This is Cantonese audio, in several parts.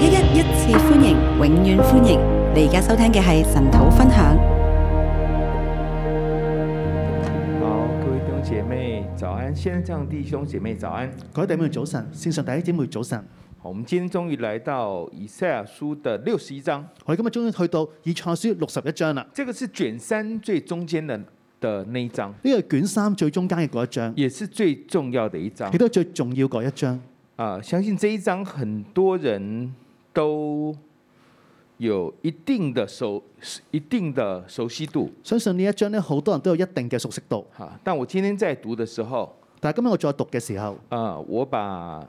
一一一次歡迎，永遠歡迎！你而家收聽嘅係神土分享。好，各位弟兄姐妹早安先，弟兄姐妹早安，先生、弟兄姐妹早安，各位弟妹，早晨，先上第一姐妹早晨。好，我們今天終於來到以賽亞書的六十一章。我哋今日終於去到以賽書六十一章啦。這個是卷三最中間的的那一章，呢個卷三最中間嘅嗰一章，也是最重要嘅一章，亦都最重要嗰一章。啊，相信這一章很多人。都有一定的熟一定的熟悉度，相信呢一章咧，好多人都有一定嘅熟悉度。吓，但我今天在讀的時候，但係今日我再讀嘅時候，啊、呃，我把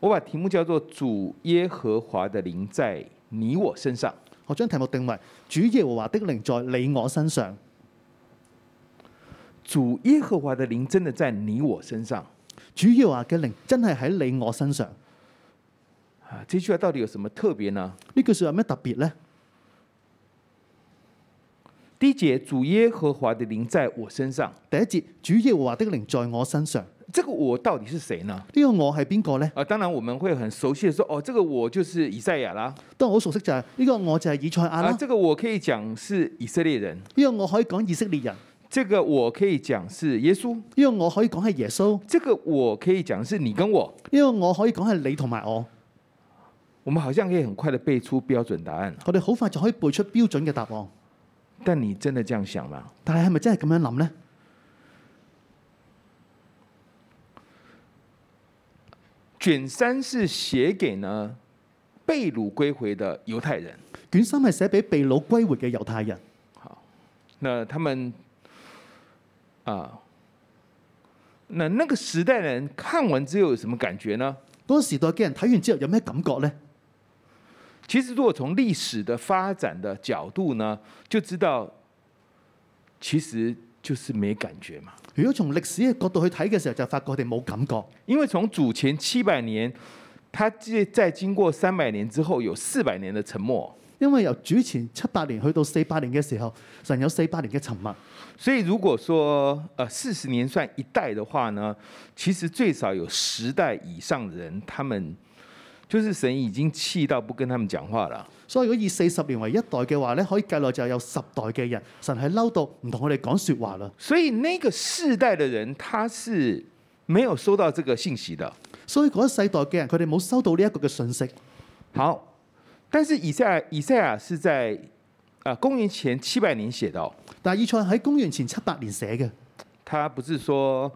我把題目叫做主耶和華的靈在你我身上，我將題目定為主耶和華的靈在你我身上，主耶和華的靈真的在你我身上，主耶和華的靈真係喺你我身上。啊，這句話到底有什麼特別呢？呢句話有咩特別呢？第一節主耶和華的靈在我身上，第一節主耶和華的靈在我身上。這個我到底是誰呢？呢個我係邊個呢？啊，當然我們會很熟悉的說，哦，這個我就是以賽亞啦。當我好熟悉就係呢個我就係以賽亞啦、啊。這個我可以講是以色列人，因為我可以講以色列人。這個我可以講是耶穌，因為我可以講係耶穌。這個我可以講是你跟我，因為我可以講係你同埋我。我們好像可以很快地背出標準答案。我哋好快就可以背出標準嘅答案。但你真的這樣想嗎？但係係咪真係咁樣諗呢？卷三係寫給呢被擄歸回嘅猶太人。卷三係寫俾被擄歸回嘅猶太人。好，那他們啊、呃，那那個時代人看完之後有什麼感覺呢？當、那個、時代嘅人睇完之後有咩感覺呢？其實，如果從歷史的發展的角度呢，就知道，其實就是沒感覺嘛。如果從歷史的角度去睇嘅時候，就發覺佢哋冇感覺。因為從主前七百年，他即在經過三百年之後，有四百年的沉默。因為由主前七八年去到四八年嘅時候，然有四八年嘅沉默。所以如果說，呃，四十年算一代的話呢，其實最少有十代以上人，他們。就是神已經氣到不跟他們講話啦。所以如果以四十年為一代嘅話咧，可以計落就有十代嘅人，神係嬲到唔同我哋講說話啦。所以呢個世代嘅人，他是沒有收到這個信息的。所以嗰世代嘅人佢哋冇收到呢一個嘅訊息。好，但是以賽以賽亞是在啊，公元前七百年寫到，但係以賽亞喺公元前七百年寫嘅。他不是說，誒、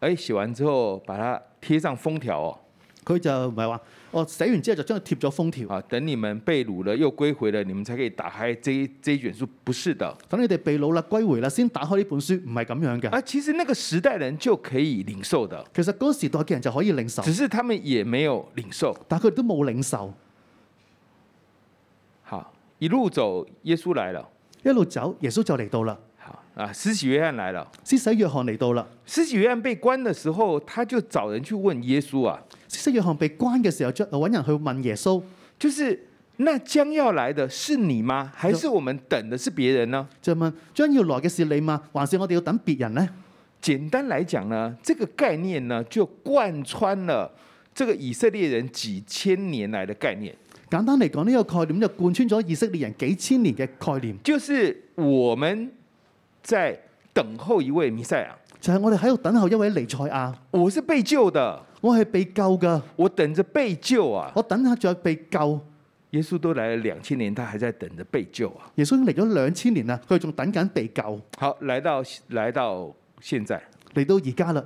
哎、寫完之後，把它貼上封條哦。佢就唔係話。我寫完之後就將佢貼咗封條。啊，等你們被擄了又歸回了，你們才可以打開這一這一卷書，不是的。等你哋被擄啦，歸回啦，先打開呢本書，唔係咁樣嘅。啊，其實那個時代人就可以領受的，其實嗰個時代嘅人就可以領受，只是他們也沒有領受，但佢都冇領受。好，一路走，耶穌來了。一路走，耶穌就嚟到啦。好啊，施洗約翰來了。施洗約翰嚟到啦。施洗約翰被關的時候，他就找人去問耶穌啊。施洗約翰被關嘅時候，就搵人去問耶穌，就是那將要來的是你嗎？還是我們等的是別人呢？咁樣就問，將要來嘅是你嗎？還是我哋要等別人呢？簡單嚟講呢，這個概念呢就貫穿了這個以色列人幾千年來的概念。簡單嚟講呢，這個概念就貫穿咗以色列人幾千年嘅概念，就是我們在等候一位彌賽亞，就係、是、我哋喺度等候一位彌賽亞。我是被救的。我係被救噶，我等着被救啊！我等下再被救，啊。耶穌都來了兩千年，他還在等着被救啊！耶穌嚟咗兩千年啦，佢仲等緊被救。好，來到來到現在，嚟到而家啦。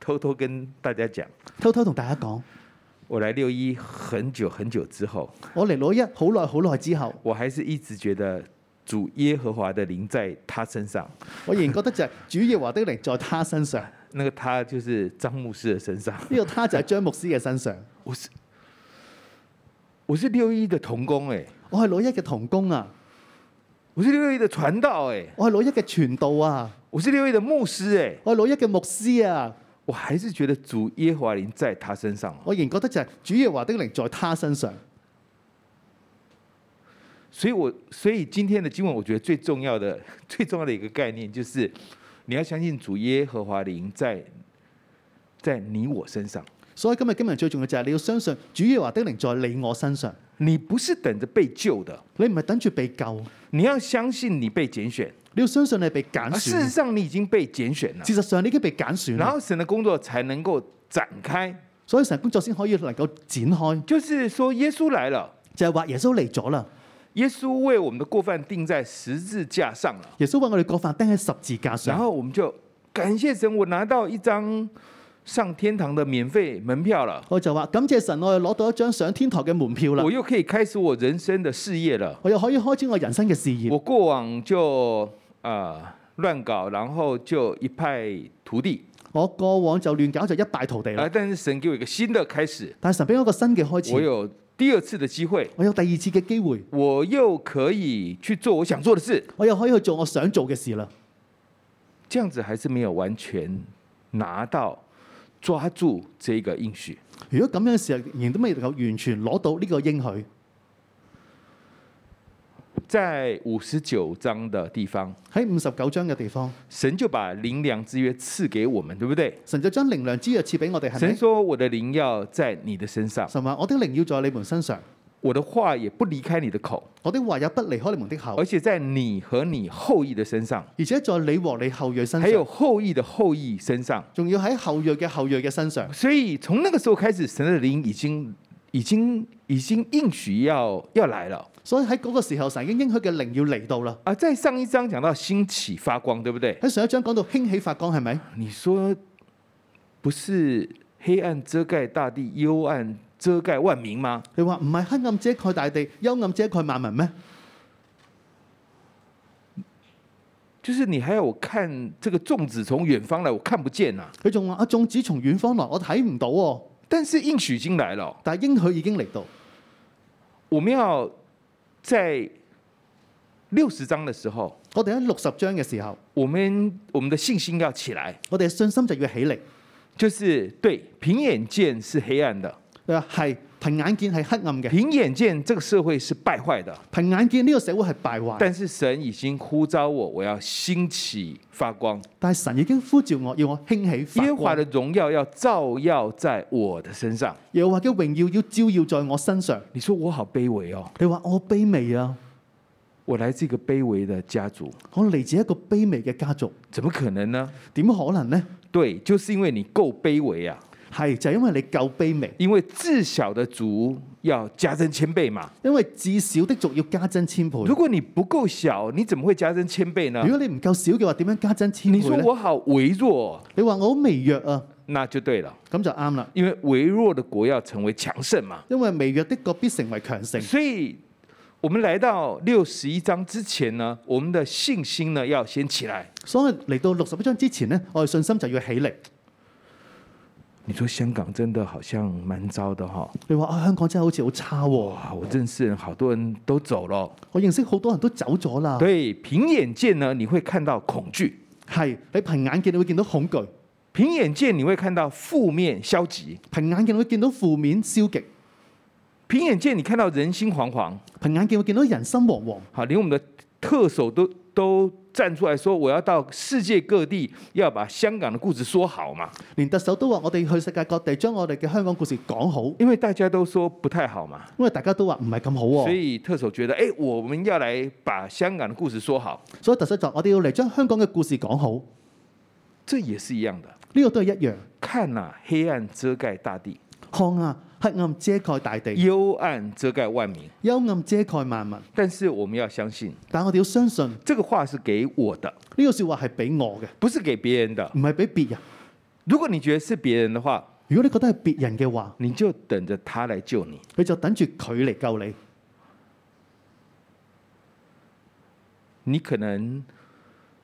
偷偷跟大家講，偷偷同大家講，我嚟六一很久很久之後，我嚟六一好耐好耐之後，我還是一直覺得主耶和華的靈在他身上。我仍然覺得就係主耶和華的靈在他身上。 那個他就是張牧師的身上。呢個他在張牧師嘅身上。 我是我是六一的同工哎，我係六一嘅同工啊。我是六一嘅傳道哎，我係六一嘅傳道啊。我是六一嘅、欸啊、牧師哎、欸，我係六一嘅牧師啊。我還是覺得主耶華靈在他身上、啊。我仍覺得就係主耶華的靈在他身上。所以我所以今天的經文，我覺得最重要的最重要的一個概念就是。你要相信主耶和華靈在在你我身上，所以今日今日最重要就係你要相信主耶和華的靈在你我身上。你不是等着被救的，你唔係等住被救。你要相信你被揀選，你要相信你被揀選。事實上你已經被揀選啦，事實上你已經被揀選了，然後神的工作才能夠展開，所以神的工作先可以能夠展開。就是說耶穌來了，就係話耶穌嚟咗啦。耶穌為我們的過犯釘在十字架上了。耶穌為我哋過犯釘喺十字架上。然後我們就感謝神，我拿到一張上天堂的免費門票了。我就話感謝神，我又攞到一張上天堂嘅門票啦。我又可以開始我人生的事業了。我又可以開始我人生嘅事業。我過往就啊亂搞，然後就一敗塗地。我過往就亂搞就一敗塗地啦。但是神給我一個新的開始。但係神俾我一個新嘅開始。我有，第二次嘅機會，我有第二次嘅機會，我又可以去做我想做的事，我又可以去做我想做嘅事啦。這樣子還是沒有完全拿到、抓住這個應許。如果咁樣嘅時候，仍都未夠完全攞到呢個應許。在五十九章的地方，喺五十九章嘅地方，神就把靈糧之約賜給我們，對不對？神就將靈糧之約賜俾我哋。神說：我的靈要在你的身上，神話，我的靈要在你們身上，我的話也不離開你的口，我的話也不離開你們的口。而且在你和你後裔的身上，而且在你和你後裔身上，還有後裔的後裔身上，仲要喺後裔嘅後裔嘅身上。所以從那個時候開始，神嘅靈已經。已經已經應許要要來了，所以喺嗰個時候神已經應許嘅靈要嚟到啦。啊，在上一章講到興起發光，對不對？喺上一章講到興起發光係咪？你說不是黑暗遮蓋大地，幽暗遮蓋萬民嗎？你話唔係黑暗遮蓋大地，幽暗遮蓋萬民咩？就是你還有看這個種子從遠方來，我看不見啊！佢仲話啊，種子從遠方來，我睇唔到哦。但是應許已經來了，但應許已經嚟到，我們要在六十章的時候，我哋喺六十章嘅時候，我們我們的信心要起來，我哋嘅信心就要起力，就是對，平眼見是黑暗的，係。憑眼見係黑暗嘅，憑眼見，這個社會是敗壞的。憑眼見呢個社會係敗壞，但是神已經呼召我，我要興起發光。但係神已經呼召我，要我興起發光。耶華的榮耀要照耀在我的身上，耶華嘅榮耀要照耀在我身上。你說我好卑微哦，你話我卑微啊？我來自一個卑微的家族，我嚟自一個卑微嘅家族，怎麼可能呢？點可能呢？對，就是因為你夠卑微啊。係就是，因為你夠卑微，因為至小的族要加增千倍嘛。因為至小的族要加增千倍。如果你不夠小，你怎麼會加增千倍呢？如果你唔夠小嘅話，點樣加增千倍呢？你說我好微弱，你話我好微弱啊，那就對啦，咁就啱啦。因為微弱的國要成為強盛嘛。因為微弱的國必成為強盛。所以我們來到六十一章之前呢，我們的信心呢要先起來。所以嚟到六十一章之前呢，我哋信心就要起嚟。你說香港真的好像蠻糟的哈？你話啊，香港真係好似好差，哦，我認識人好多人都走了，我認識好多人都走咗啦。對，憑眼見呢，你會看到恐懼，係你憑眼見你會見到恐懼，憑眼見你會看到負面消極，憑眼見會見到負面消極，憑眼見你看到人心惶惶，憑眼見會見到人心惶惶，好，連我們的特首都都，站出來說，我要到世界各地，要把香港的故事說好嘛。連特首都話，我哋去世界各地，將我哋嘅香港故事講好，因為大家都說不太好嘛。因為大家都話唔係咁好、啊，所以特首覺得，誒、欸，我們要來把香港的故事說好。所以特首就，我哋要嚟將香港嘅故事講好。這也是一樣的，呢、呢個都係一樣。看啊，黑暗遮蓋大地。看啊。黑暗遮蓋大地，幽暗遮蓋萬民，幽暗遮蓋萬民。但是我們要相信，但我哋要相信，這個話是給我的，呢個說話係俾我嘅，不是給別人的，唔係俾別人。如果你覺得是別人的話，如果你覺得係別人嘅話，你就等着他來救你，你就等住佢嚟救你。你可能，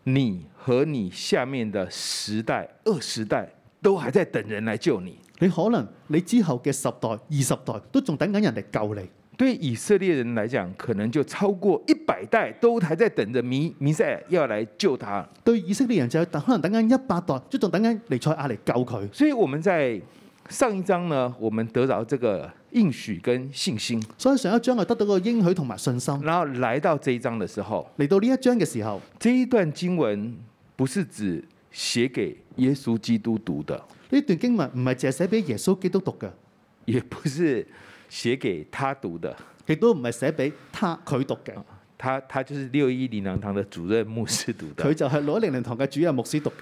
你和你下面的十代、二十代。都還在等人來救你，你可能你之後嘅十代、二十代都仲等緊人嚟救你。對以色列人來講，可能就超過一百代都還在等着彌賽亞要來救他。對以色列人就可能等緊一百代，即仲等緊彌賽亞嚟救佢。所以我們在上一章呢，我們得到這個應許跟信心。所以上一章又得到個應許同埋信心。然後來到這一章的時候，嚟到呢一章嘅時候，這一段經文不是指。寫給是是寫給耶穌基督讀的，呢段經文唔係淨係寫俾耶穌基督讀嘅，也不是寫給他讀的。亦都唔係寫俾他佢讀嘅。他讀的他，他就是六一零,零堂堂嘅主任牧師讀嘅，佢就係六一零,零堂嘅主任牧師讀嘅，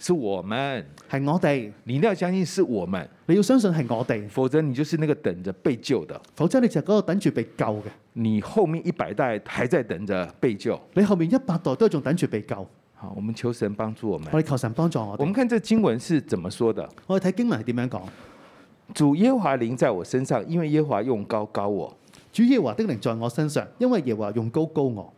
是我們，係我哋，你都要相信是我們，你要相信係我哋，否則你就是那個等着被救的。否則你就嗰度等住被救嘅。你後面一百代還在等着被救，你後面一百代都仲等住被救。好，我們求神幫助我們。我哋求神幫助我。我們看這個經文是怎麼說的。我哋睇經文係點樣講。主耶華靈在我身上，因為耶華用膏膏我。主耶華的靈在我身上，因為耶華用膏膏我。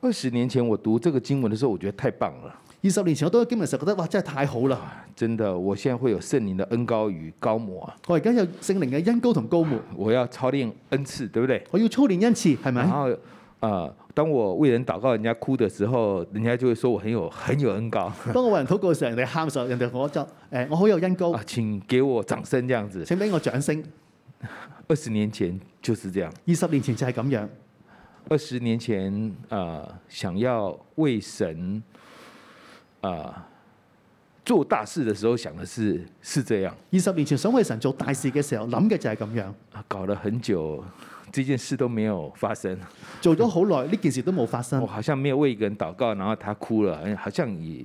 二十年前我讀這個經文的時候，我覺得太棒了。二十年前我讀個經文時候覺得，哇，真係太好啦，啊！真的，我現在會有聖靈的恩膏與膏摩。我而家有聖靈嘅恩膏同膏摩。我要操練恩賜，對不對？我要操練恩賜，係咪？然後，啊。當我為人禱告，人家哭的時候，人家就會說我很有很有恩膏，當我為人禱告的時候，人哋喊上，人哋我就誒，我好有恩膏、啊。請給我掌聲這樣子，請給我掌聲。二十年前就是這樣。二十年前就係咁樣。二十年前啊、呃，想要為神啊、呃、做，做大事的時候，啊、想的是是這樣。二十年前，想為神做大事嘅時候，諗嘅就係咁樣。搞了很久。呢件事都沒有發生，做咗好耐，呢、嗯、件事都冇發生。我、哦、好像沒有為一個人禱告，然後他哭了，好像也，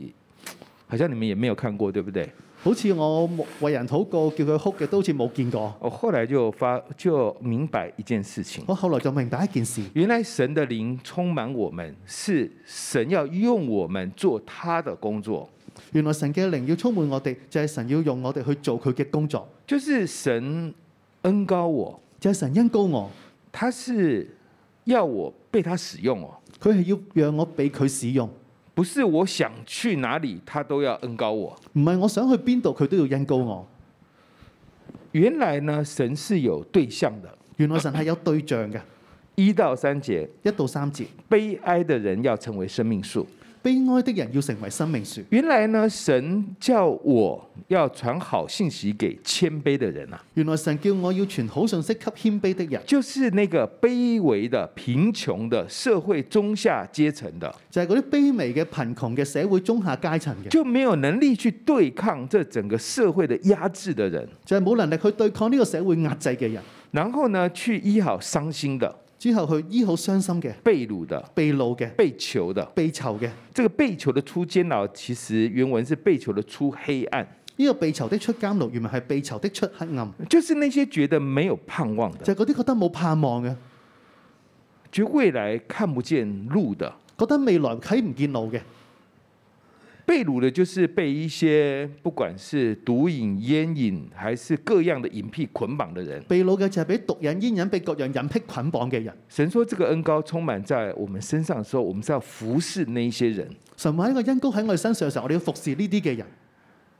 好像你們也沒有看過，對不對？好似我為人禱告叫佢哭嘅都好似冇見過。我後來就發就明白一件事情。我後來就明白一件事，原來神的靈充滿我們，是神要用我們做他的工作。原來神嘅靈要充滿我哋，就係、是、神要用我哋去做佢嘅工作。就是神恩膏我，就係、是、神恩膏我。他是要我被他使用哦，佢係要讓我俾佢使用，不是我想去哪裏，他都要恩膏我，唔係我想去邊度，佢都要恩膏我。原來呢，神是有對象的，原來神係有對象嘅。一 到三節，一到三節，悲哀的人要成為生命樹。悲哀的人要成為生命樹。原來呢，神叫我要傳好信息給謙卑的人啊！原來神叫我要傳好信息給謙卑的人，就是那個卑微的、貧窮的、社會中下階層的，就係嗰啲卑微嘅、貧窮嘅社會中下階層嘅，就沒有能力去對抗這整個社會嘅壓制嘅人，就係冇能力去對抗呢個社會壓制嘅人，然後呢，去醫好傷心嘅。之後佢醫好傷心嘅，被擄的、被擄嘅、被囚的、這個、被囚嘅。這個被囚的出監牢，其實原文是被囚的出黑暗。呢個被囚的出監牢，原文係被囚的出黑暗。就是那些覺得沒有盼望的，就嗰、是、啲覺得冇盼望嘅，對未來看不見路的，覺得未來睇唔見路嘅。被擄的，就是被一些不管是毒癮、煙癮，還是各樣的癮癖捆綁的人。被擄嘅就係俾毒癮、煙癮，被各樣癮癖捆綁嘅人。神說，這個恩膏充滿在我們身上的時候，我們是要服侍那一些人。神話呢個恩膏喺我哋身上嘅時候，我哋要服侍呢啲嘅人。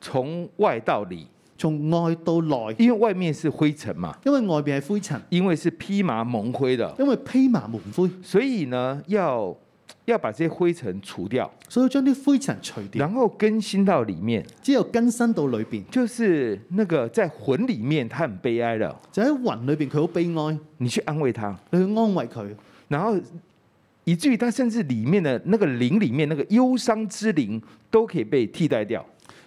從外到裏，從外到內，因為外面是灰塵嘛，因為外邊係灰塵，因為是披麻蒙灰的，因為披麻蒙灰，所以呢，要要把這些灰塵除掉，所以將啲灰塵除掉，然後更新到裏面，只有更新到裏邊，就是那個在魂裏面，他很悲哀了，就喺魂裏邊佢好悲哀，你去安慰他，你去安慰佢，然後以至於他甚至裏面的那個靈裏面那個憂傷之靈都可以被替代掉。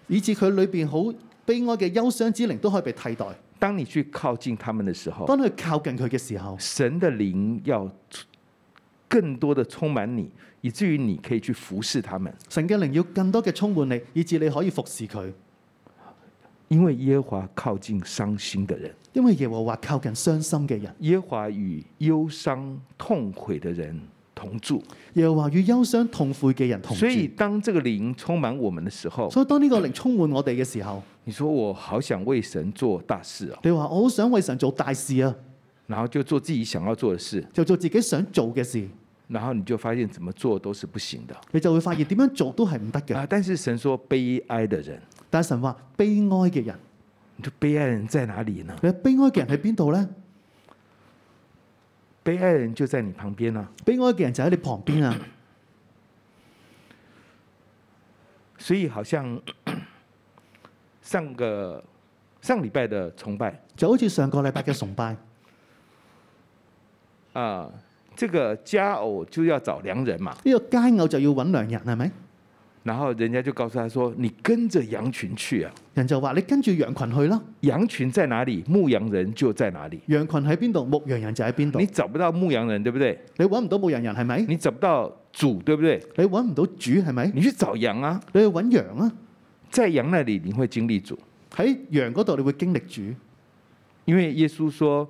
以至佢裏邊好悲哀嘅憂傷之靈都可以被替代。當你去靠近他們的時候，當佢靠近佢嘅時候，神嘅靈要更多的充滿你，以至於你可以去服侍他們。神嘅靈要更多嘅充滿你，以至你可以服侍佢。因為耶和華靠近傷心嘅人，因為耶和華靠近傷心嘅人，耶和華與憂傷痛悔嘅人。同住，又話與憂傷、痛悔嘅人同住。所以當這個靈充滿我們的時候，所以當呢個靈充滿我哋嘅時候，你說我好想為神做大事啊！你話我好想為神做大事啊！然後就做自己想要做嘅事，就做自己想做嘅事。然後你就發現怎麼做都是不行的，你就會發現點樣做都係唔得嘅。但是神說悲哀的人，但神話悲哀嘅人，悲哀的人在哪裡呢？悲哀嘅人喺邊度呢？悲哀人就在你旁邊啊，悲哀嘅人就喺你旁邊啊。所以好像上個上禮拜嘅崇拜，就好似上個禮拜嘅崇拜啊、呃，這個佳偶就要找良人嘛，呢、這個佳偶就要揾良人係咪？然後人家就告訴他說：你跟着羊群去啊！人就話：你跟住羊群去啦。羊群在哪裏，牧羊人就在哪裏。羊群喺邊度，牧羊人就喺邊度。你找不到牧羊人，對不對？你搵唔到牧羊人係咪？你找不到主，對不對？你搵唔到主係咪？你去找羊啊！你去搵羊啊！在羊那裏你會經歷主，喺羊嗰度你會經歷主，因為耶穌說。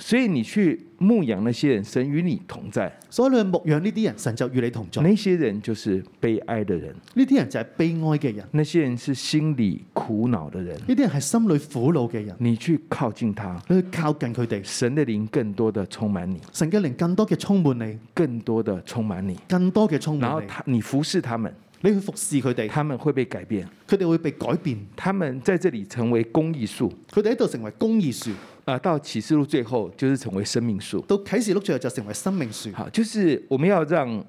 所以你去牧養那些人，神與你同在。所以你去牧養呢啲人，神就與你同在。那些人就是悲哀的人，呢啲人就係悲哀嘅人。那些人是心裏苦惱的人，呢啲人係心裏苦惱嘅人。你去靠近他，你去靠近佢哋，神嘅靈更多的充滿你，神嘅靈更多嘅充滿你，更多的充滿你，更多嘅充滿你。然後他，你服侍他們。你去服侍佢哋，佢哋會被改變，佢哋會被改變，他們在這裏成為公義樹，佢哋喺度成為公義樹，啊，到啟示錄最後就是成為生命樹，到啟示錄最後就成為生命樹，好，就是我們要讓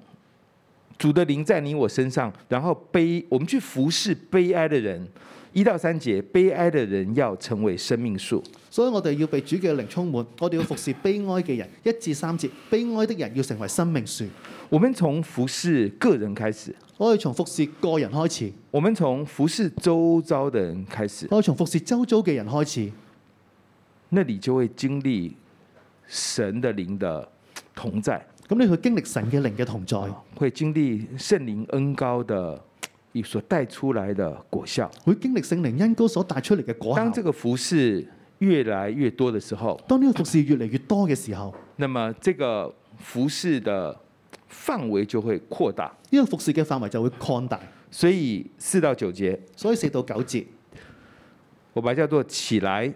主的靈在你我身上，然後悲，我們去服侍悲哀的人。一到三節，悲哀的人要成為生命樹。所以我哋要被主嘅靈充滿，我哋要服侍悲哀嘅人。一至三節，悲哀的人要成為生命樹。我們從服侍個人開始。我哋從服侍個人開始。我們從服侍周遭的人開始。我哋從服侍周遭嘅人，人開始。那你就會經歷神的靈的同在。咁你去經歷神嘅靈嘅同在，會經歷聖靈恩膏的。所帶出來的果效，會經歷聖靈恩膏所帶出嚟嘅果效。當這個服事越來越多嘅時候，當呢個服事越嚟越多嘅時候，那麼這個服事的範圍就會擴大，呢個服事嘅範圍就會擴大。所以四到九節，所以四到九節，我把叫做起來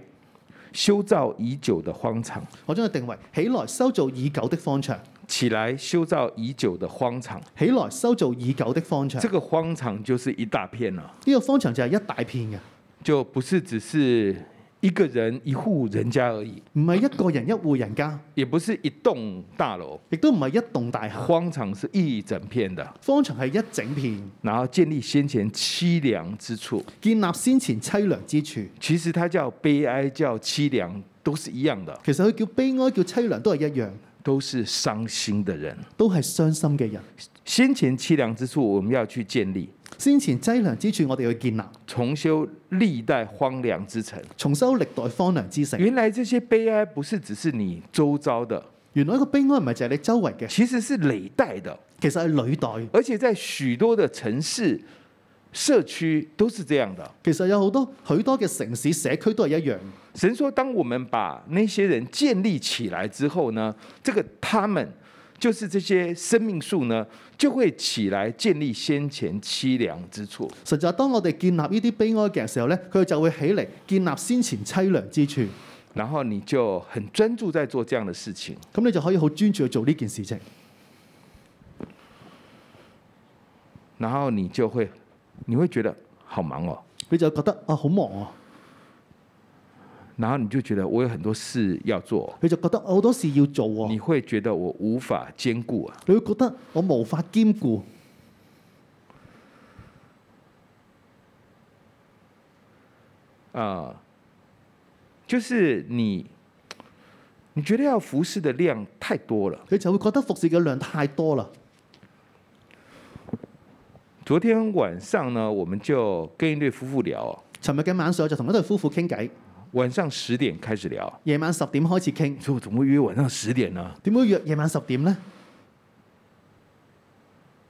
修造已久的荒場，我將佢定位起來修造已久的荒場。起來修造已久的荒場，起來修造已久的荒場，這個荒場就是一大片啦。呢個荒場就係一大片嘅，就不是只是一個人一戶人家而已，唔係一個人一戶人家，也不是一棟大樓，亦都唔係一棟大廈。荒場是一整片的，荒場係一整片，然後建立先前淒涼之處，建立先前淒涼之處，其實它叫悲哀，叫淒涼都是一樣的。其實佢叫悲哀，叫淒涼都係一樣的。都是傷心的人，都係傷心嘅人。先前淒涼之處，我們要去建立；先前淒涼之處，我哋要去建立，重修歷代荒涼之城，重修歷代荒涼之城。原來這些悲哀，不是只是你周遭的，原來個悲哀唔係就係你周圍嘅，其實是累代的，其實係累代，而且在許多的城市社區都是這樣的。其實有好多許多嘅城市社區都係一樣。神說：“當我們把那些人建立起來之後呢，這個他們就是這些生命樹呢，就會起來建立先前淒涼之處。實際上，當我哋建立呢啲悲哀嘅時候咧，佢就會起嚟建立先前淒涼之處。然後你就很專注在做這樣的事情，咁你就可以好專注去做呢件事情。然後你就會，你會覺得好忙哦，你就覺得啊，好忙哦。”然後你就覺得我有很多事要做，你就覺得好多事要做喎、哦。你會覺得我無法兼顧啊？你會覺得我無法兼顧啊、呃？就是你，你覺得要服侍的量太多了，你就會覺得服侍嘅量太多了。昨天晚上呢，我們就跟一對夫婦聊。尋日嘅晚上我就同一對夫婦傾偈。晚上十點開始聊，夜晚十點開始傾。說我，怎麼約晚上十點呢？點會約夜晚十點呢？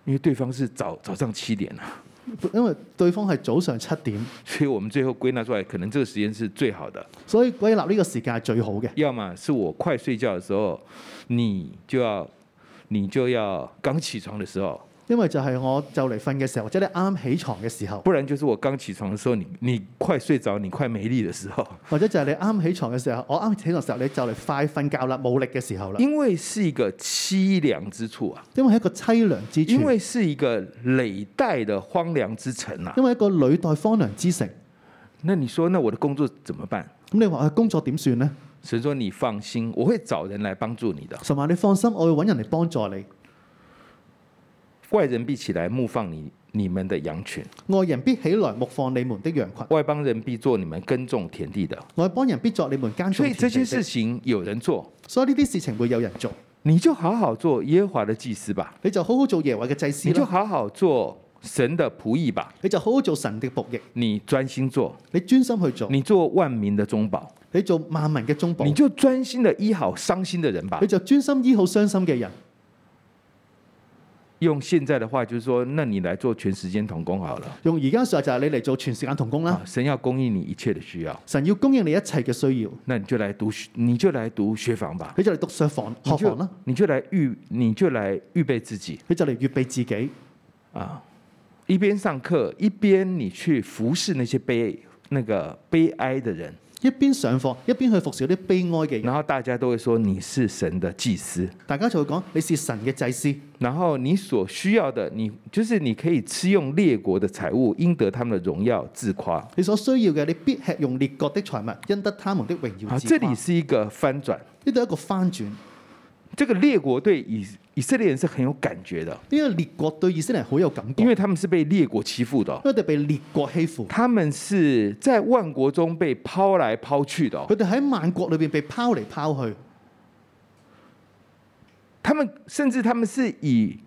因為對方是早早上七點啊，因為對方係早上七點，所以我們最後歸納出來，可能這個時間是最好的。所以歸納呢個時間係最好嘅。要麼是我快睡覺的時候，你就要，你就要剛起床的時候。因為就係我就嚟瞓嘅時候，或者你啱啱起床嘅時候，不然就是我剛起床嘅時候，你你快睡着，你快沒力嘅時候，或者就係你啱起床嘅時候，我啱起床嘅時候你就嚟快瞓覺啦，冇力嘅時候啦。因為是一個凄涼之處啊，因為係一個凄涼之處，因為是一個歷代嘅荒涼之城啊，因為一個歷代荒涼之城。那你說，那我的工作怎麼辦？咁你話我工作點算呢？所以說你放心，我會找人嚟幫助你的。神啊，你放心，我會揾人嚟幫助你。外人必起來牧放你你們的羊群，外人必起來牧放你們的羊群。外邦人必做你們耕種田地的，外邦人必作你們耕田。所以這些事情有人做，所以呢啲事情會有人做。你就好好做耶和華的祭司吧，你就好好做耶和華的祭司。你就好好做神的僕役吧，你就好好做神的僕役、役。你專心做，你專心去做，你做萬民的中保，你做萬民嘅中保。你就專心的醫好傷心嘅人吧，你就專心醫好傷心嘅人。用現在的話就是說，那你來做全時間同工好了。用而家說話就係你嚟做全時間同工啦、啊。神要供應你一切的需要。神要供應你一切嘅需要。那你就嚟讀，你就嚟讀學房吧。佢就嚟讀學房你就、學房啦。你就嚟預，你就嚟預備自己。佢就嚟預備自己啊！一邊上課，一邊你去服侍那些悲、那個悲哀的人。一邊上課一邊去服侍啲悲哀嘅人，然後大家都會說你是神的祭司，大家就會講你是神嘅祭司。然後你所需要的，你就是你可以吃用列國的財物，應得他們的榮耀自誇。你所需要嘅，你必吃用列國的財物，因得他們的榮耀。啊，這裏是一個翻轉，呢度一個翻轉，這個列國對以。以色列人是很有感覺的，因為列國對以色列人好有感覺，因為他們是被列國欺負的，佢哋被列國欺負，他們是在萬國中被拋來拋去的，佢哋喺萬國裏邊被拋嚟拋去，他們甚至他們是以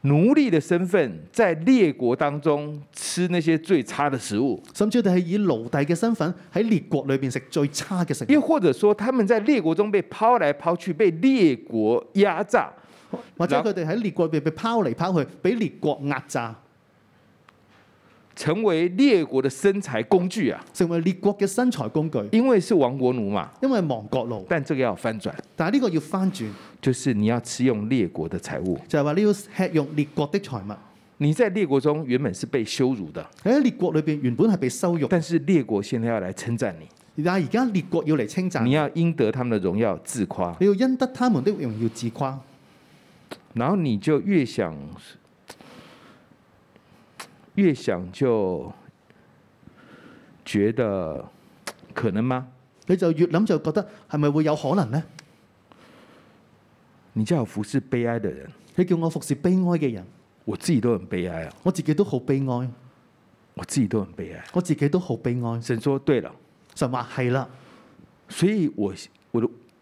奴隸的身份在列國當中吃那些最差的食物，甚至佢哋係以奴隸嘅身份喺列國裏邊食最差嘅食物，又或者說他們在列國中被拋來拋去，被列國壓榨。或者佢哋喺列國裏邊被拋嚟拋去，俾列國壓榨，成為列國嘅生財工具啊！成為列國嘅生財工具，因為是亡國奴嘛，因為亡國奴。但這個要翻轉，但係呢個要翻轉，就是你要吃用列國嘅財物，就係話你要吃用列國的財物。你在列國中原本是被羞辱的，喺列國裏邊，原本係被羞辱，但是列國現在要嚟稱讚你，但係而家列國要嚟稱讚你，你要應得他們的榮耀，自誇，你要因得他們的榮耀，自誇。然後你就越想，越想就覺得可能嗎？你就越諗就覺得係咪會有可能呢？你叫我服侍悲哀的人，你叫我服侍悲哀嘅人，我自己都很悲哀啊！我自己都好悲哀，我自己都很悲哀，我自己都好悲，悲哀。神說，對啦，神話，係啦，所以我我都。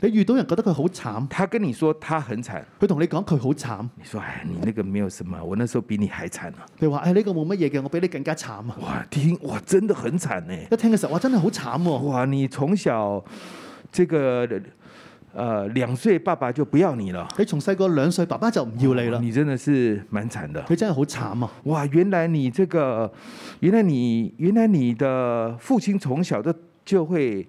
你遇到人覺得佢好慘，他跟你說他很慘，佢同你講佢好慘，你說唉、哎、你那個沒有什麼，我那時候比你還慘啊。佢話唉，呢個冇乜嘢嘅，我比你更加慘啊。哇，聽哇真的很慘呢。一聽嘅時候，哇真係好慘。哇，你從小這個，呃兩歲爸爸就不要你了。你從細個兩歲爸爸就唔要你了。你真的是蠻慘的。佢真係好慘啊。哇，原來你這個原來你原來你的父親從小都就會。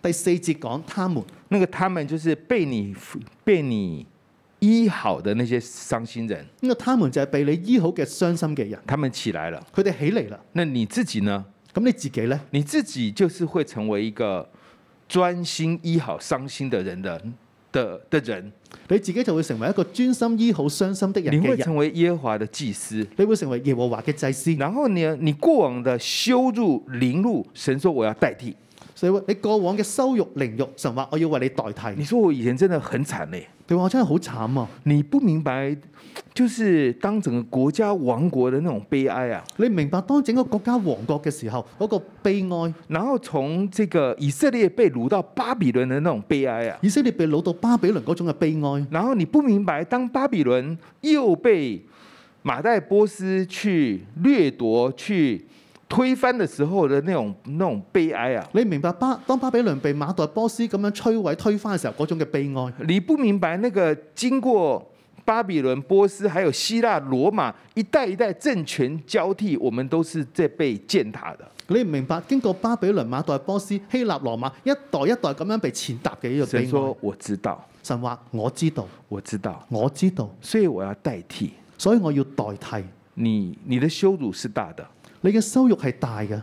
第四節講他們，那個他們就是被你被你醫好的那些傷心人。那個他們就係被你醫好嘅傷心嘅人。他們起來了，佢哋起嚟啦。那你自己呢？咁你自己呢？你自己就是會成為一個專心醫好傷心的人的的，的人。你自己就會成為一個專心醫好傷心的人，的人。你會成為耶和華嘅祭司，你會成為耶和華嘅祭司。然後呢？你過往的羞辱凌辱，神說我要代替。所以你過往嘅羞辱凌辱神話，我要為你代替。你說我以前真的很慘呢？對我真係好慘啊！你不明白，就是當整個國家亡國嘅嗰種悲哀啊！你明白當整個國家亡國嘅時候嗰個悲哀，然後從這個以色列被擄到巴比倫嘅嗰種悲哀啊！以色列被擄到巴比倫嗰種嘅悲哀、啊，然後你不明白當巴比倫又被馬代波斯去掠奪去，推翻的時候的那種那種悲哀啊，你明白巴當巴比倫被馬代波斯咁樣摧毀推翻嘅時候嗰種嘅悲哀，你不明白那個經過巴比倫、波斯，還有希臘、羅馬一代一代政權交替，我們都是在被踐踏的。你唔明白經過巴比倫、馬代波斯、希臘、羅馬一代一代咁樣被踐踏嘅呢個悲哀。神說我知道，神話我知道，我知道，我知道，所以我要代替，所以我要代替你，你的羞辱是大的。你嘅收入係大嘅，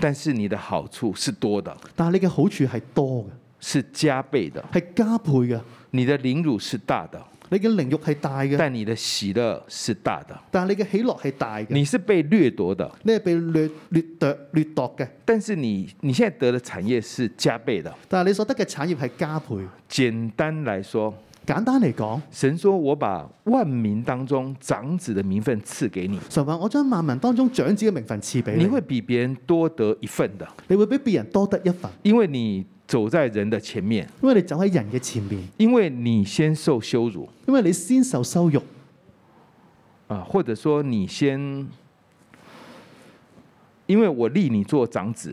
但是你嘅好處是多的。但係你嘅好處係多嘅，是加倍的。係加倍嘅。你的凌辱是大的，你嘅凌辱係大嘅。但係你的喜樂是大的，但係你嘅喜樂係大嘅。你是被掠奪的，你係被掠掠奪掠奪嘅。但是你，你現在得嘅產業是加倍的。但係你所得嘅產業係加倍。簡單來說。簡單嚟講，神說，我把萬民當中長子的名分賜給你。神話，我將萬民當中長子嘅名分賜俾你。你會比別人多得一份的。你會比別人多得一份，因為你走在人的前面。因為你走喺人嘅前面。因為你先受羞辱。因為你先受羞辱。啊，或者說你先，因為我立你做長子，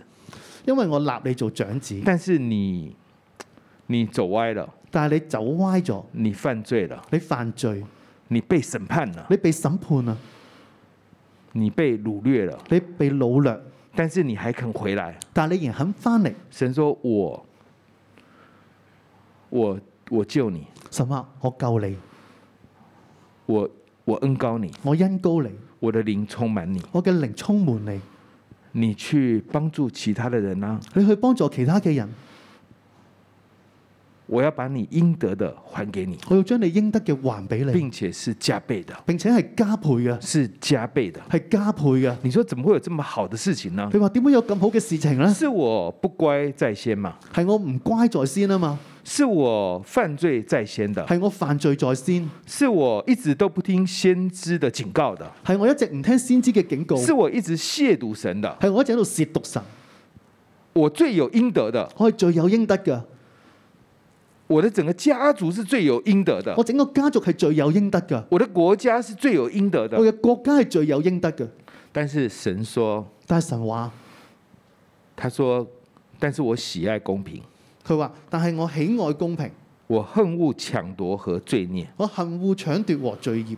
因為我立你做長子，但是你你走歪了。但係你走歪咗，你犯罪了，你犯罪，你被審判啦，你被審判啦，你被擄掠了，你被擄掠，但是你還肯回來，但係你仍肯翻嚟，神說我，我我救你，神話，我救你，我我恩膏你，我恩膏你，我的靈充滿你，我嘅靈充滿你，你去幫助其他嘅人啦、啊，你去幫助其他嘅人。我要把你應得的還給你，我要將你應得嘅還俾你，並且是加倍的，並且係加倍嘅，是加倍的，係加倍嘅。你說怎麼會有這麼好的事情呢？佢話點會有咁好嘅事情呢？「是我不乖在先嘛？係我唔乖在先啊嘛？是我犯罪在先的，係我犯罪在先，是我一直都不聽先知的警告的，係我一直唔聽先知嘅警告，是我一直褻瀆神的，係我一直喺度褻瀆神。我罪有應得的，我係罪有應得嘅。」我的整個家族是最有應得的，我整個家族係最有應得嘅。我的國家是最有應得的，我的國家係最有應得嘅。但是神說，但係神話，他說，但是我喜愛公平。佢話，但係我喜愛公平，我恨惡搶奪和罪孽，我恨惡搶奪和罪孽。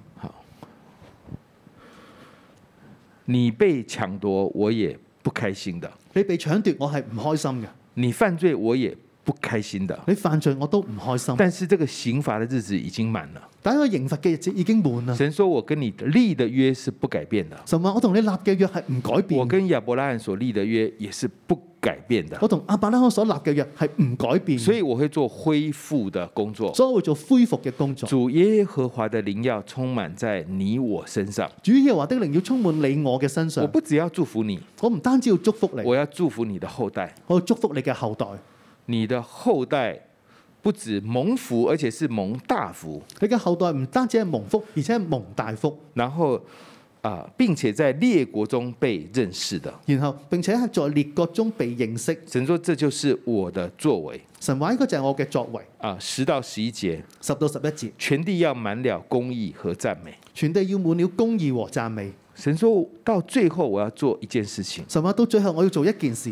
你被搶奪，我也不開心的。你被搶奪，我係唔開心嘅。你犯罪，我也。不開心的，你犯罪我都唔開心。但是這個刑罰的日子已經滿了，但一個刑罰嘅日子已經滿啦。神說，我跟你立的約是不改變的，神話，我同你立嘅約係唔改變。我跟亞伯拉罕所立的約也是不改變的，我同阿伯拉罕所立嘅約係唔改變。所以我會做恢復的工作，所以我會做恢復嘅工作。主耶和華的靈要充滿在你我身上，主耶和華的靈要充滿你我嘅身上。我不只要祝福你，我唔單止要祝福你，我要祝福你的後代，我要祝福你嘅後代。你的後代不止蒙福，而且是蒙大福。你嘅後代唔單止係蒙福，而且係蒙大福。然後啊、呃，並且在列國中被認識的。然後，並且係在列國中被認識。神說：這就是我的作為。神話呢個就係我嘅作為。啊、呃，十到十一節，十到十一節，全地要滿了公義和讚美。全地要滿了公義和讚美。神說：到最後我要做一件事情。神話到最後我要做一件事。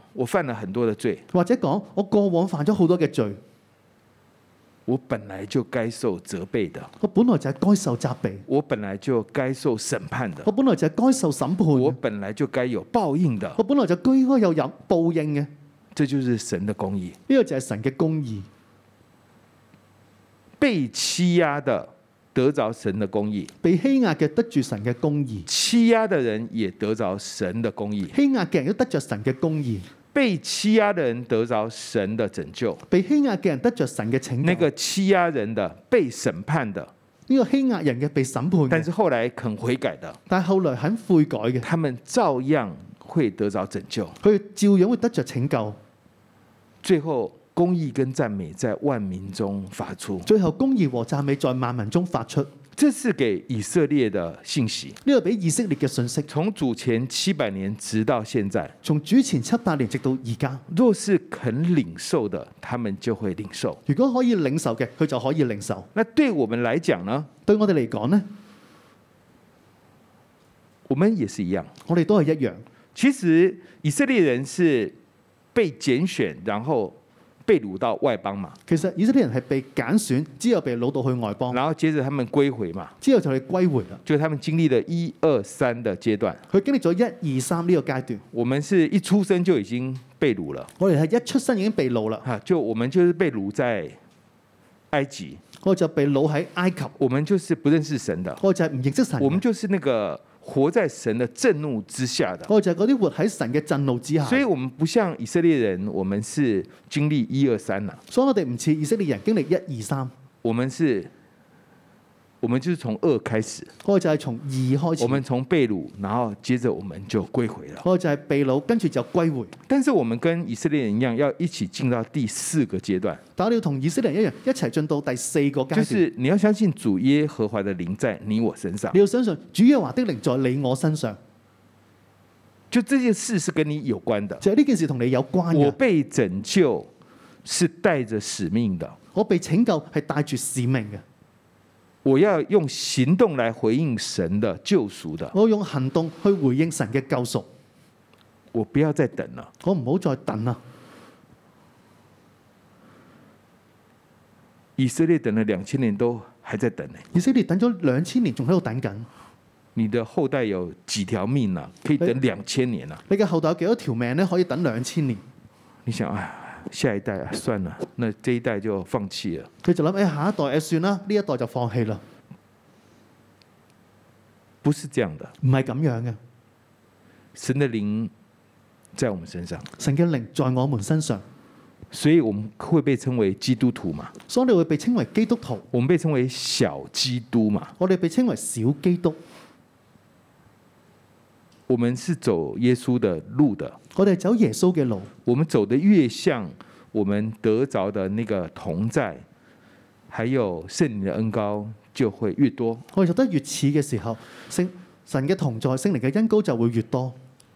我犯了很多的罪，或者講我過往犯咗好多嘅罪，我本來就該受責備的。我本來就係該受責備。我本來就該受審判的。我本來就係該受審判。我本來就該有報應的。我本來就該應該有有報應嘅。這就是神的公義。呢個就係神嘅公義。被欺壓的得着神的公義，被欺壓嘅得住神嘅公義，欺壓的人也得着神的公義，欺壓嘅人都得着神嘅公義。被欺,的人的被欺壓的人得着神的拯救，被欺壓嘅人得着神嘅拯救。那個欺壓人的、被審判的，呢、呢個欺壓人嘅被審判的。但是後來肯悔改的，但係後來肯悔改嘅，他們照樣會得着拯救，佢照樣會得着拯救。最後，公義跟讚美在萬民中發出。最後，公義和讚美在萬民中發出。這是給以色列的信息，呢個俾以色列嘅信息，從主前七百年直到現在，從主前七八年直到而家。若是肯領受的，他們就會領受；如果可以領受嘅，佢就可以領受。那對我們來講呢？對我哋嚟講呢？我們也是一樣，我哋都係一樣。其實以色列人是被揀選，然後，被擄到外邦嘛？其實以色列人係被揀選，之後被擄到去外邦，然後接着他們歸回嘛？之後就係歸回啦，就他們經歷了一二三嘅階段。佢經歷咗一二三呢個階段。我們是一出生就已經被擄了。我哋係一出生已經被擄啦。吓，就我們就是被擄在埃及。我就被擄喺埃及。我們就是不認識神的。我就係唔認識神。我們就是那個。活在神的震怒之下的，哦、就係、是、啲活喺神嘅震怒之下。所以，我們不像以色列人，我們是經歷一二三啦、啊。所以我哋唔似以色列人經歷一二三，我們是。我們就是從二開始，我就係從二開始。我們從被擄，然後接着我們就歸回了。我就係被擄，跟住就歸回。但是我們跟以色列人一樣，要一起進到第四個階段。但係你要同以色列人一樣，一齊進到第四個階段。就是你要相信主耶和華的靈在你我身上。你要相信主耶和華的靈在你我身上。就這件事是跟你有關的。就呢件事同你有關。我被拯救是帶着使命的。我被拯救係帶住使命嘅。我要用行動來回應神的救贖的。我用行動去回應神嘅救贖，我不要再等了，我唔好再等了。以色列等咗兩千年都還在等呢。以色列等咗兩千年仲喺度等緊。你的後代有幾條命啊？可以等兩千年啊？你嘅後代有幾多條命呢？可以等兩千年？你想啊？下一代啊，算了，那這一代就放棄了。佢就諗誒，下一代誒算啦，呢一代就放棄了。不是這樣的，唔係咁樣嘅。神嘅靈在我們身上，神嘅靈在我們身上，所以我們會被稱為基督徒嘛。所以我哋會被稱為基督徒，我們被稱為小基督嘛。我哋被稱為小基督。我們是走耶穌的路的，我哋走耶穌嘅路。我們走得越像，我們得着的那個同在，還有聖靈的恩膏就會越多。我哋走得越似嘅時候，聖神嘅同在、聖靈嘅恩膏就會越多。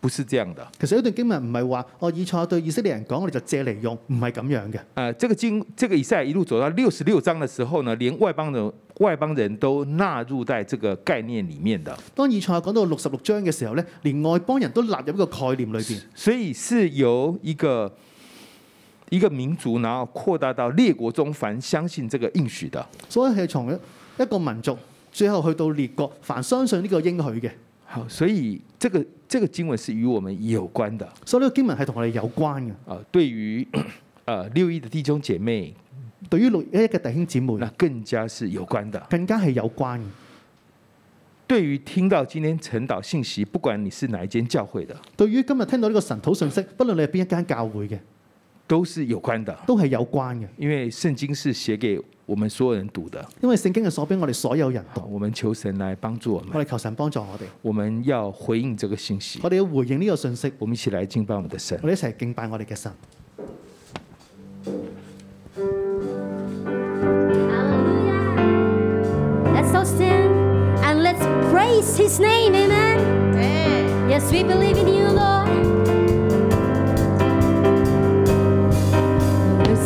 不是這樣的。其實一段經文唔係話，我、哦、以賽亞對以色列人講，我哋就借嚟用，唔係咁樣嘅。誒、呃，這個經，這個、以賽一路走到六十六章嘅時候呢，連外邦人外邦人都納入喺這個概念裡面的。當以賽亞講到六十六章嘅時候呢，連外邦人都納入呢個概念裏邊。所以是由一個一個民族，然後擴大到列國中凡相信這個應許的。所以係從一個民族最後去到列國，凡相信呢個應許嘅。好，所以這個這個經文是與我們有關的。所以呢個經文係同我哋有關嘅。啊，對於啊、呃、六一的弟兄姐妹，對於六一嘅弟兄姐妹，那更加是有關的。更加係有關嘅。對於聽到今天陳導信息，不管你是哪一間教會的；對於今日聽到呢個神土信息，不論你係邊一間教會嘅。都是有關的，都係有關嘅。因為聖經是寫給我們所有人讀的。因為聖經係所俾我哋所有人。我們求神來幫助我們。我哋求神幫助我哋。我們要回應這個信息。我哋要回應呢個信息。我們一起來敬拜我們的神。我哋一齊敬拜我哋嘅神。哎哎哎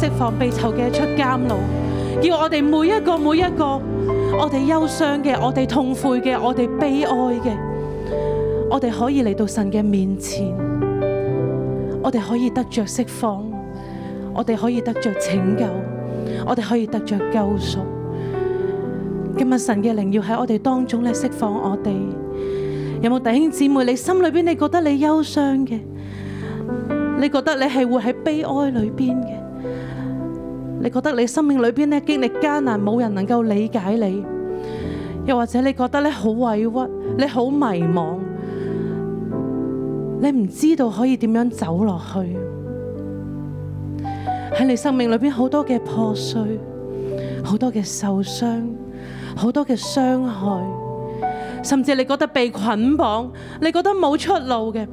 釋放被囚嘅出監牢，要我哋每一個每一個，我哋憂傷嘅，我哋痛悔嘅，我哋悲哀嘅，我哋可以嚟到神嘅面前，我哋可以得着釋放，我哋可以得着拯救，我哋可以得着救贖。今日神嘅靈要喺我哋當中咧，釋放我哋。有冇弟兄姊妹？你心裏邊你覺得你憂傷嘅，你覺得你係會喺悲哀裏邊嘅？你覺得你生命裏邊嘅經歷艱難，冇人能夠理解你；又或者你覺得你好委屈，你好迷茫，你唔知道可以點樣走落去？喺你生命裏邊好多嘅破碎，好多嘅受傷，好多嘅傷害，甚至你覺得被捆綁，你覺得冇出路嘅。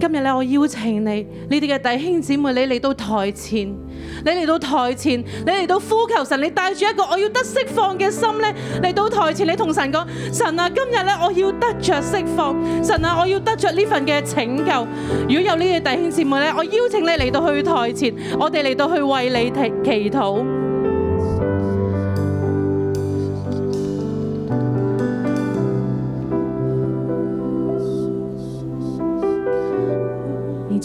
今日咧，我邀請你，你哋嘅弟兄姊妹，你嚟到台前，你嚟到台前，你嚟到呼求神，你帶住一個我要得釋放嘅心咧，嚟到台前，你同神講：神啊，今日咧，我要得着釋放，神啊，我要得着呢份嘅拯救。如果有呢啲弟兄姊妹咧，我邀請你嚟到去台前，我哋嚟到去為你祈祈禱。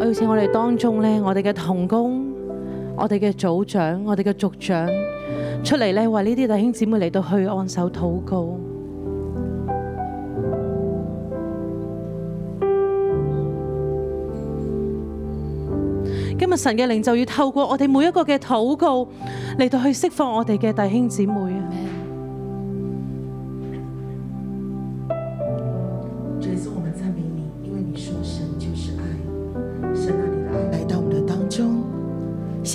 我要請我哋當中呢，我哋嘅同工、我哋嘅組長、我哋嘅族長出嚟，呢，為呢啲弟兄姊妹嚟到去按手禱告。今日神嘅靈就要透過我哋每一個嘅禱告嚟到去釋放我哋嘅弟兄姊妹啊！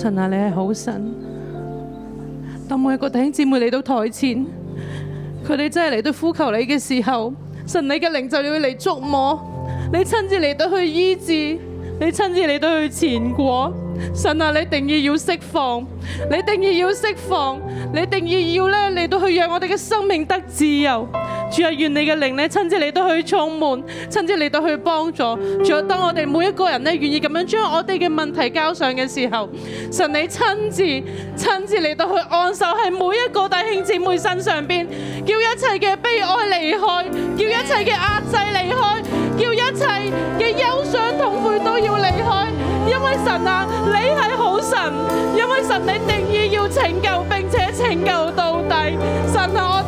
神啊，你係好神，當每一個弟兄姊妹嚟到台前，佢哋真係嚟到呼求你嘅時候，神你嘅靈就要嚟觸摸，你親自嚟到去醫治，你親自嚟到去前果，神啊，你定意要釋放，你定意要釋放，你定意要咧嚟到去讓我哋嘅生命得自由。主若願你嘅靈咧，親自嚟到去充滿，親自嚟到去幫助。仲有當我哋每一個人咧願意咁樣將我哋嘅問題交上嘅時候，神你親自、親自嚟到去按手喺每一個弟兄姊妹身上邊，叫一切嘅悲哀離開，叫一切嘅壓制離開，叫一切嘅憂傷痛悔，悔都要離開，因為神啊，你係好神，因為神你定意要拯救，並且拯救到底。神啊，我。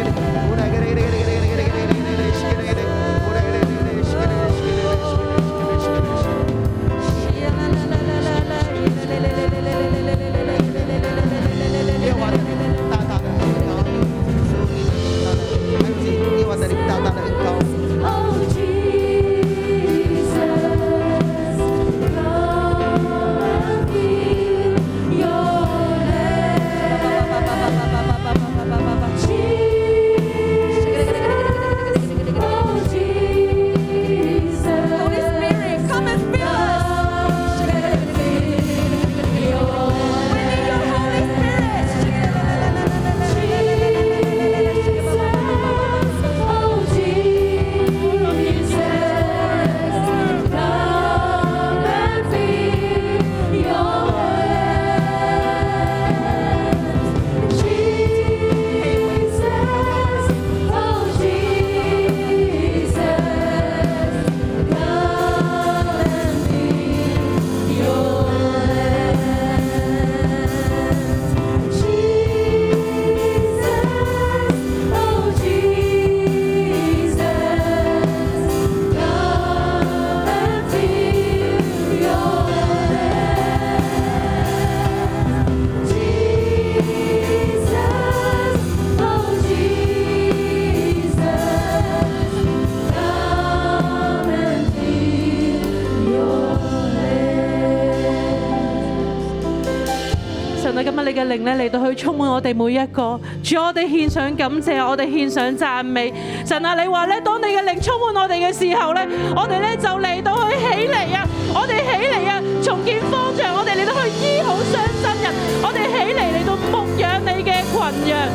充滿我哋每一個，主我哋獻上感謝，我哋獻上讚美。神啊，你話咧，當你嘅靈充滿我哋嘅時候咧，我哋咧就嚟到去起嚟啊！我哋起嚟啊！重建方丈，我哋嚟到去醫好傷心人，我哋起嚟嚟到牧養你嘅群羊。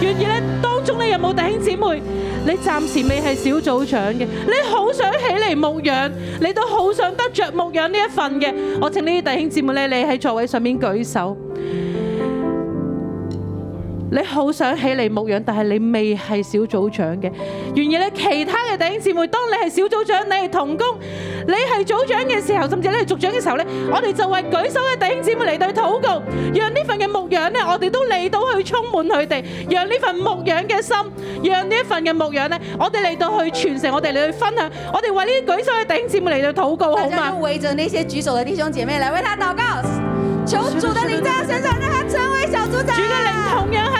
願意咧，當中咧有冇弟兄姊妹？你暫時你係小組長嘅，你好想起嚟牧養，你都好想得着牧養呢一份嘅。我請呢啲弟兄姊妹咧，你喺座位上面舉手。你好想起嚟牧養，但係你未係小組長嘅，然而咧其他嘅弟兄姊妹，當你係小組長、你係同工、你係組長嘅時候，甚至你係族長嘅時候咧，我哋就為舉手嘅弟兄姊妹嚟到禱告，讓呢份嘅牧養咧，我哋都嚟到去充滿佢哋，讓呢份牧養嘅心，讓呢一份嘅牧養咧，我哋嚟到去傳承，我哋嚟去分享，我哋為呢啲舉手嘅弟兄姊妹嚟到禱告，好嗎？為咗呢些舉手嘅弟兄姐妹，來為他禱告，求主的靈在他身上，讓他成為小組長。主嘅靈，同樣。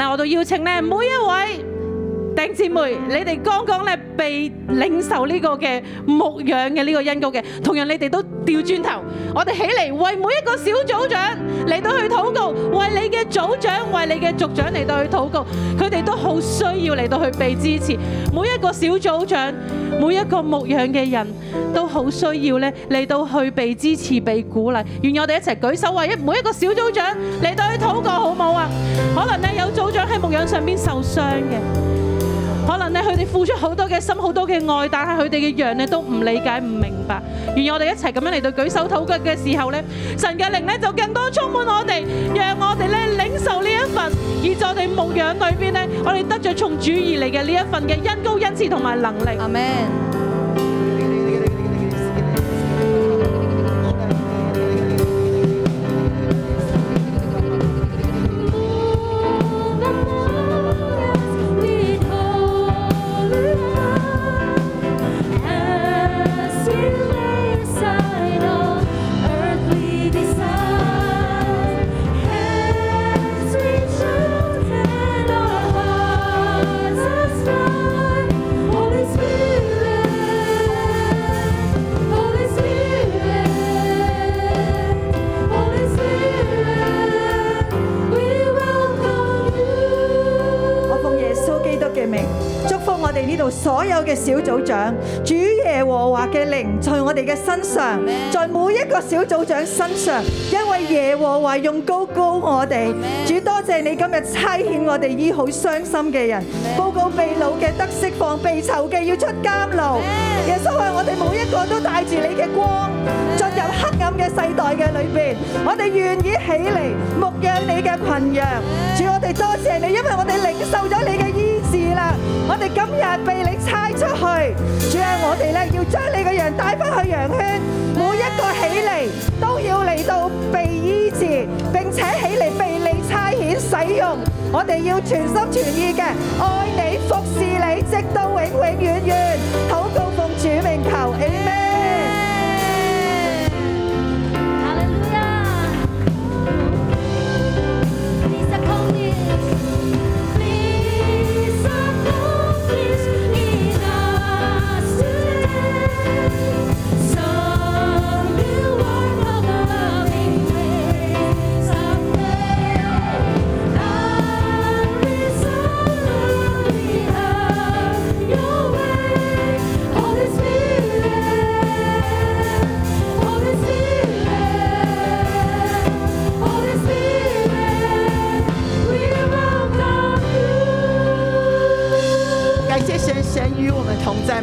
嗱，我度邀請咧每一位。嗯，弟兄姊妹，你哋剛剛咧被領受呢個嘅牧養嘅呢個恩膏嘅，同樣你哋都掉轉頭。我哋起嚟為每一個小組長嚟到去禱告，為你嘅組長，為你嘅族長嚟到去禱告，佢哋都好需要嚟到去被支持。每一個小組長，每一個牧養嘅人都好需要咧嚟到去被支持、被鼓勵。願我哋一齊舉手，為一每一個小組長嚟到去禱告，好唔好啊！可能咧有組長喺牧養上邊受傷嘅。可能他佢哋付出好多嘅心，好多嘅愛，但係佢哋嘅羊都唔理解，唔明白。而我哋一齊咁樣嚟到舉手禱告嘅時候，神嘅靈就更多充滿我哋，讓我哋領受呢一份，而在我哋牧養裏面，我哋得着從主而嚟嘅呢一份嘅恩高恩賜同埋能力。阿門。組長，主耶和華嘅靈在我哋嘅身上，在每一個小組長身上，因為耶和華用膏膏我哋。主多謝你今日差遣我哋醫好傷心嘅人，報告被擄嘅得釋放，被囚嘅要出監牢。耶穌係我哋每一個都帶住你嘅光，進入黑暗嘅世代嘅裏邊，我哋願意起嚟牧養你嘅群羊。主我哋多謝你，因為我哋領受咗你嘅醫治啦，我哋今日。派出去，主啊，我哋咧要將你嘅羊帶翻去羊圈，每一個起嚟都要嚟到被醫治，並且起嚟被你差遣使用。我哋要全心全意嘅愛你，服侍你，直到永永遠遠，禱告。